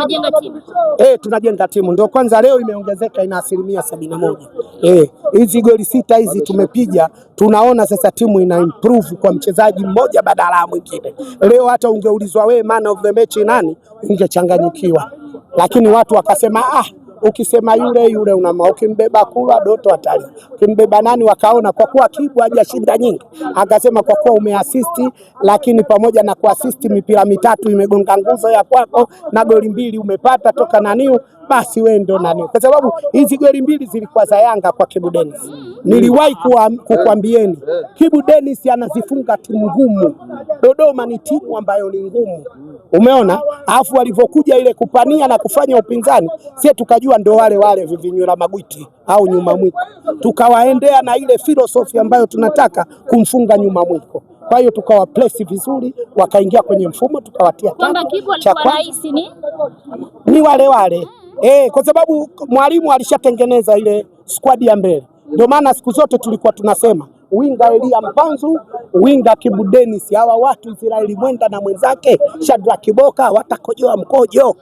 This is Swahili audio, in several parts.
mnajenga timu eh, eh? Tunajenga timu, ndio kwanza leo imeongezeka, ina asilimia sabini na moja. Eh, hizi goli sita hizi tumepiga, tunaona sasa timu ina improve kwa mchezaji mmoja badala ya mwingine. Leo hata ungeulizwa wewe man of the match nani, ungechanganyikiwa, lakini watu wakasema ah Ukisema yule yule unama, ukimbeba kula Doto atali, ukimbeba nani wakaona, kwa kuwa Kibu hajashinda nyingi, akasema kwa kuwa umeasisti, lakini pamoja na kuasisti mipira mitatu imegonga nguzo ya kwako na goli mbili umepata toka naniu, basi wewe ndo nani, kwa sababu hizi goli mbili zilikuwa za Yanga kwa Kibu Dennis. Niliwahi kukwambieni Kibu Dennis anazifunga timu ngumu. Dodoma ni timu ambayo ni ngumu Umeona, alafu walivyokuja ile kupania na kufanya upinzani, sie tukajua ndo wale wale vivinyula magwiti au nyuma mwiko, tukawaendea na ile filosofi ambayo tunataka kumfunga nyuma mwiko. Kwa hiyo tukawaplesi vizuri, wakaingia kwenye mfumo, tukawatia cha kwanza ni wale wale eh, kwa sababu mwalimu alishatengeneza ile squad ya mbele. Ndio maana siku zote tulikuwa tunasema winga Elia Mpanzu, winga Kibu Dennis. Hawa watu Israeli Mwenda na mwenzake Shadrack Kiboka watakojoa mkojo.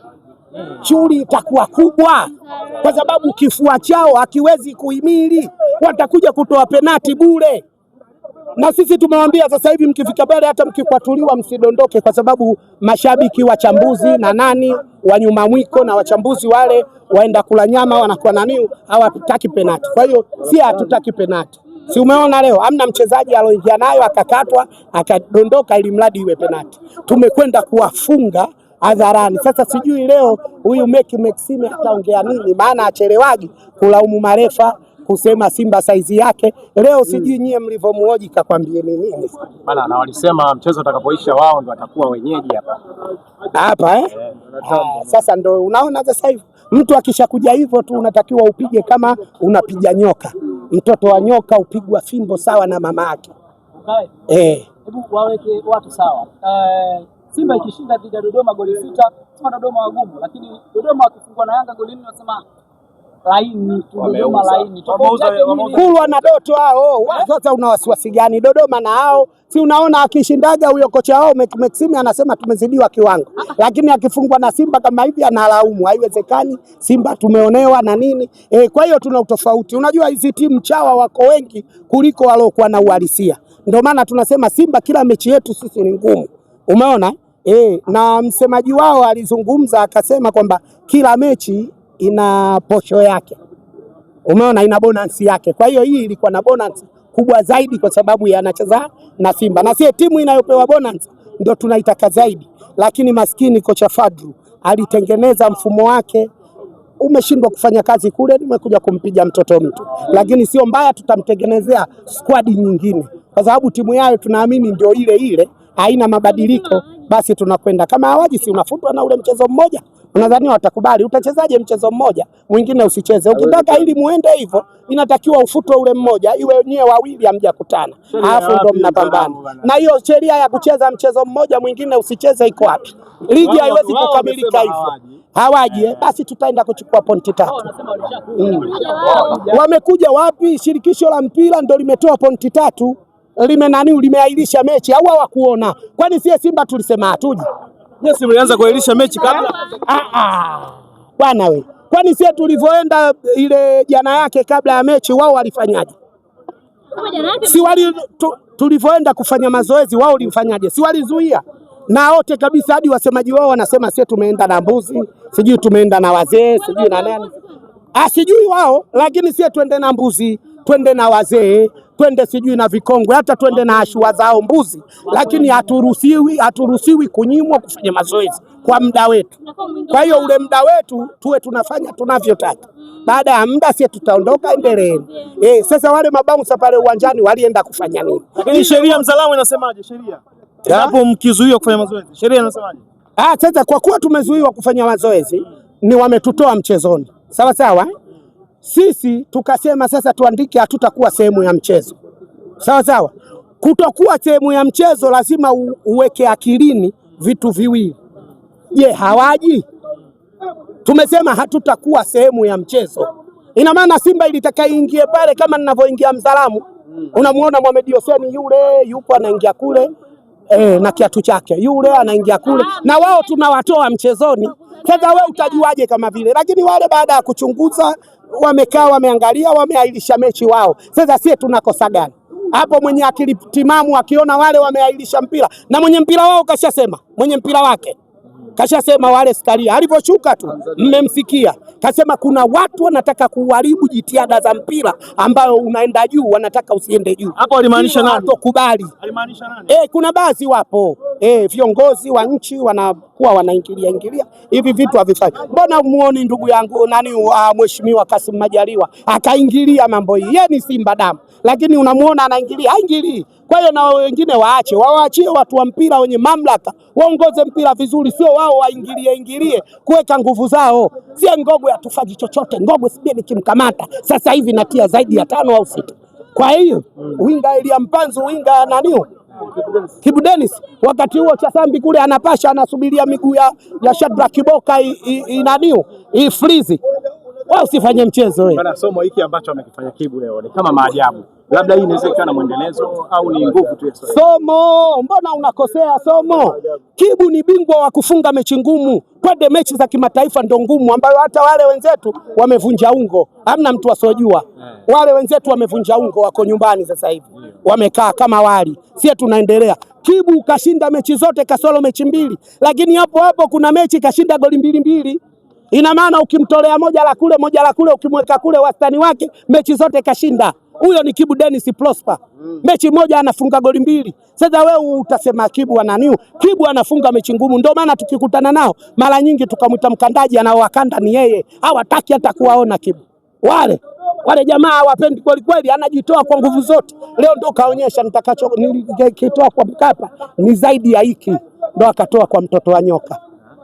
Shughuli itakuwa kubwa, kwa sababu kifua chao hakiwezi kuhimili. Watakuja kutoa penati bure, na sisi tumewambia sasa hivi, mkifika pale hata mkikwatuliwa msidondoke, kwa sababu mashabiki, wachambuzi na nani wanyuma mwiko na wachambuzi wale waenda kula nyama wanakuwa nani, hawataki penati. Kwa hiyo si hatutaki penati. Si umeona leo amna mchezaji aloingia nayo akakatwa akadondoka, ili mradi iwe penati. Tumekwenda kuwafunga hadharani. Sasa sijui leo huyu Meki Maxime ataongea nini, maana achelewaji kulaumu marefa kusema Simba saizi yake leo, sijui hmm. nyie mlivyomuoji kakwambie ni nini bana, na walisema mchezo utakapoisha wao ndio watakuwa wenyeji hapa hapa eh? Yeah, ah, sasa ndio unaona sasa hivi mtu akishakuja hivyo tu unatakiwa upige kama unapiga nyoka. Mtoto wa nyoka upigwa fimbo sawa na mama yake. Eh. Hebu waweke watu sawa. Uh, Simba ikishinda dhidi ya Dodoma goli sita, Simba Dodoma wagumu, lakini Dodoma wakifungwa na Yanga goli nne, wasema laini Dodoma laini Kulwa na Doto hao eh? sasa, una wasiwasi gani Dodoma na hao? Si unaona akishindaga huyo kocha wao Maxime anasema tumezidiwa kiwango, ah, ah. lakini akifungwa na Simba kama hivi analaumu, haiwezekani, Simba tumeonewa na nini e. Kwa hiyo tuna utofauti, unajua hizi timu chawa wako wengi kuliko waliokuwa na uhalisia. Ndio maana tunasema Simba kila mechi yetu sisi ni ngumu, umeona. E, na msemaji wao alizungumza akasema kwamba kila mechi ina posho yake, umeona, ina bonansi yake. Kwa hiyo hii ilikuwa na bonansi kubwa zaidi kwa sababu yanacheza na Simba na sie timu inayopewa bonansi ndio tunaitaka zaidi, lakini maskini kocha Fadru alitengeneza mfumo wake umeshindwa kufanya kazi kule, nimekuja kumpiga mtoto mtu, lakini sio mbaya, tutamtengenezea squad nyingine, kwa sababu timu yayo tunaamini ndio ile ile, haina mabadiliko. Basi tunakwenda kama hawaji, si unafutwa na ule mchezo mmoja. Unadhani watakubali? Utachezaje mchezo mmoja mwingine usicheze? Ukitaka ili muende hivyo, inatakiwa ufutwe ule mmoja, iwe nyie wawili hamjakutana, alafu ndo mnapambana. Na hiyo sheria ya kucheza mchezo mmoja mwingine usicheze iko wapi? Ligi haiwezi kukamilika hivyo. Hawaji eh? eh? Basi tutaenda kuchukua pointi tatu. Mm. Wamekuja wapi? Shirikisho la mpira ndo limetoa pointi tatu, lime nani, limeahirisha mechi au hawakuona? Kwani sie Simba tulisema hatuji Nyinyi mlianza kuahirisha mechi kabla? Ah ah. Bwana wewe. Kwani sisi tulivyoenda ile jana yake kabla ya mechi wao walifanyaje? Si wali tulivyoenda kufanya mazoezi wao ulimfanyaje? Si walizuia na wote kabisa, hadi wasemaji wao wanasema sie tumeenda na mbuzi, sijui tumeenda na wazee, sijui na nani, ah, sijui wao, lakini sisi tuende na mbuzi twende na wazee, twende sijui na vikongwe, hata twende na ashua zao mbuzi, lakini haturuhusiwi, haturuhusiwi kunyimwa kufanya mazoezi kwa muda wetu. Kwa hiyo ule muda wetu tuwe tunafanya tunavyotaka. Baada ya muda sie tutaondoka, endeleeni. Eh, sasa wale mabounsa pale uwanjani walienda kufanya nini? Lakini sheria Mzalamu inasemaje? Sheria hapo mkizuiwa kufanya mazoezi, sheria inasemaje? Ah, sasa kwa kuwa tumezuiwa kufanya mazoezi, ni wametutoa mchezoni, sawa sawa. Eh? sisi tukasema sasa tuandike, hatutakuwa sehemu ya mchezo. Sawa sawa, kutokuwa sehemu ya mchezo lazima uweke akilini vitu viwili. Je, hawaji? Tumesema hatutakuwa sehemu ya mchezo. Ina maana Simba ilitaka pale kama ninavyoingia mzalamu unamwona Mohamed Hossein yule yupo anaingia kule e, na kiatu chake yule anaingia kule, na wao tunawatoa mchezoni. Sasa we utajuaje kama vile? Lakini wale baada ya kuchunguza wamekaa wameangalia, wameahirisha mechi wao. Sasa sie tunakosa gani hapo? Mwenye akili timamu akiona wale wameahirisha mpira na mwenye mpira wao kashasema, mwenye mpira wake kashasema wale skaria alivyoshuka tu mmemsikia, kasema kuna watu wanataka kuharibu jitihada za mpira ambayo unaenda juu, wanataka usiende juu. Hapo alimaanisha nani? Alimaanisha nani? Eh, kuna baadhi wapo eh, viongozi wa nchi wana wanakuwa wanaingilia ingilia hivi vitu havifai. Mbona muoni ndugu yangu nani, uh, mheshimiwa Kasim Majaliwa akaingilia mambo hii? Yeye ni Simba damu, lakini unamuona anaingilia, haingilii. Kwa hiyo na wengine waache, wawaachie watu wa mpira wenye mamlaka waongoze mpira vizuri, sio wao waingilie ingilie kuweka nguvu zao. Sie Ngogwe hatufanyi chochote. Ngogwe sibie nikimkamata sasa hivi natia zaidi ya tano au sita. Kwa hiyo winga Elia Mpanzu, winga naniu Kibu Dennis wakati huo cha sambi kule anapasha anasubiria miguu ya, ya Shadrack Kiboka inaniu ifrizi. Wewe usifanye mchezo wewe. Bana somo hiki ambacho amekifanya Kibu leo ni kama maajabu labda hii inaweza ikawa na mwendelezo au ni nguvu tu ya somo. Mbona unakosea somo? Kibu ni bingwa wa kufunga mechi ngumu, twende mechi za kimataifa ndo ngumu, ambayo hata wale wenzetu wamevunja ungo, hamna mtu asiojua. Eh. Wale wenzetu wamevunja ungo, wako nyumbani sasa hivi wamekaa kama wali, sie tunaendelea. Kibu kashinda mechi zote kasoro mechi mbili, lakini hapo hapo kuna mechi kashinda goli mbili mbili ina maana ukimtolea moja la kule moja la kule ukimweka kule, wastani wake mechi zote kashinda huyo ni Kibu Dennis Prosper, mm. mechi moja anafunga goli mbili. Sasa wewe utasema Kibu ana nini? Kibu anafunga mechi ngumu, ndio maana tukikutana nao mara nyingi tukamwita mkandaji, anaowakanda ni yeye, hawataki hata kuwaona Kibu wale wale jamaa hawapendi kweli kweli, anajitoa kwa nguvu zote. Leo ndo kaonyesha nitakacho nikitoa kwa Mkapa ni zaidi ya hiki, ndo akatoa kwa mtoto wa nyoka.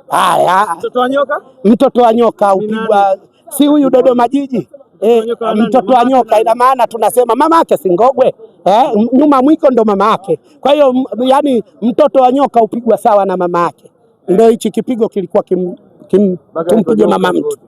Haya, mtoto wa nyoka, mtoto wa nyoka upigwa, si huyu Dodoma Jiji Eh, mtoto wa nyoka. Ina maana tunasema mama yake si ngogwe eh, nyuma mwiko ndo mama yake. Kwa hiyo yani mtoto wa nyoka upigwa sawa na mama yake, ndio hichi kipigo kilikuwa kim, kim, tumpige mama mtu.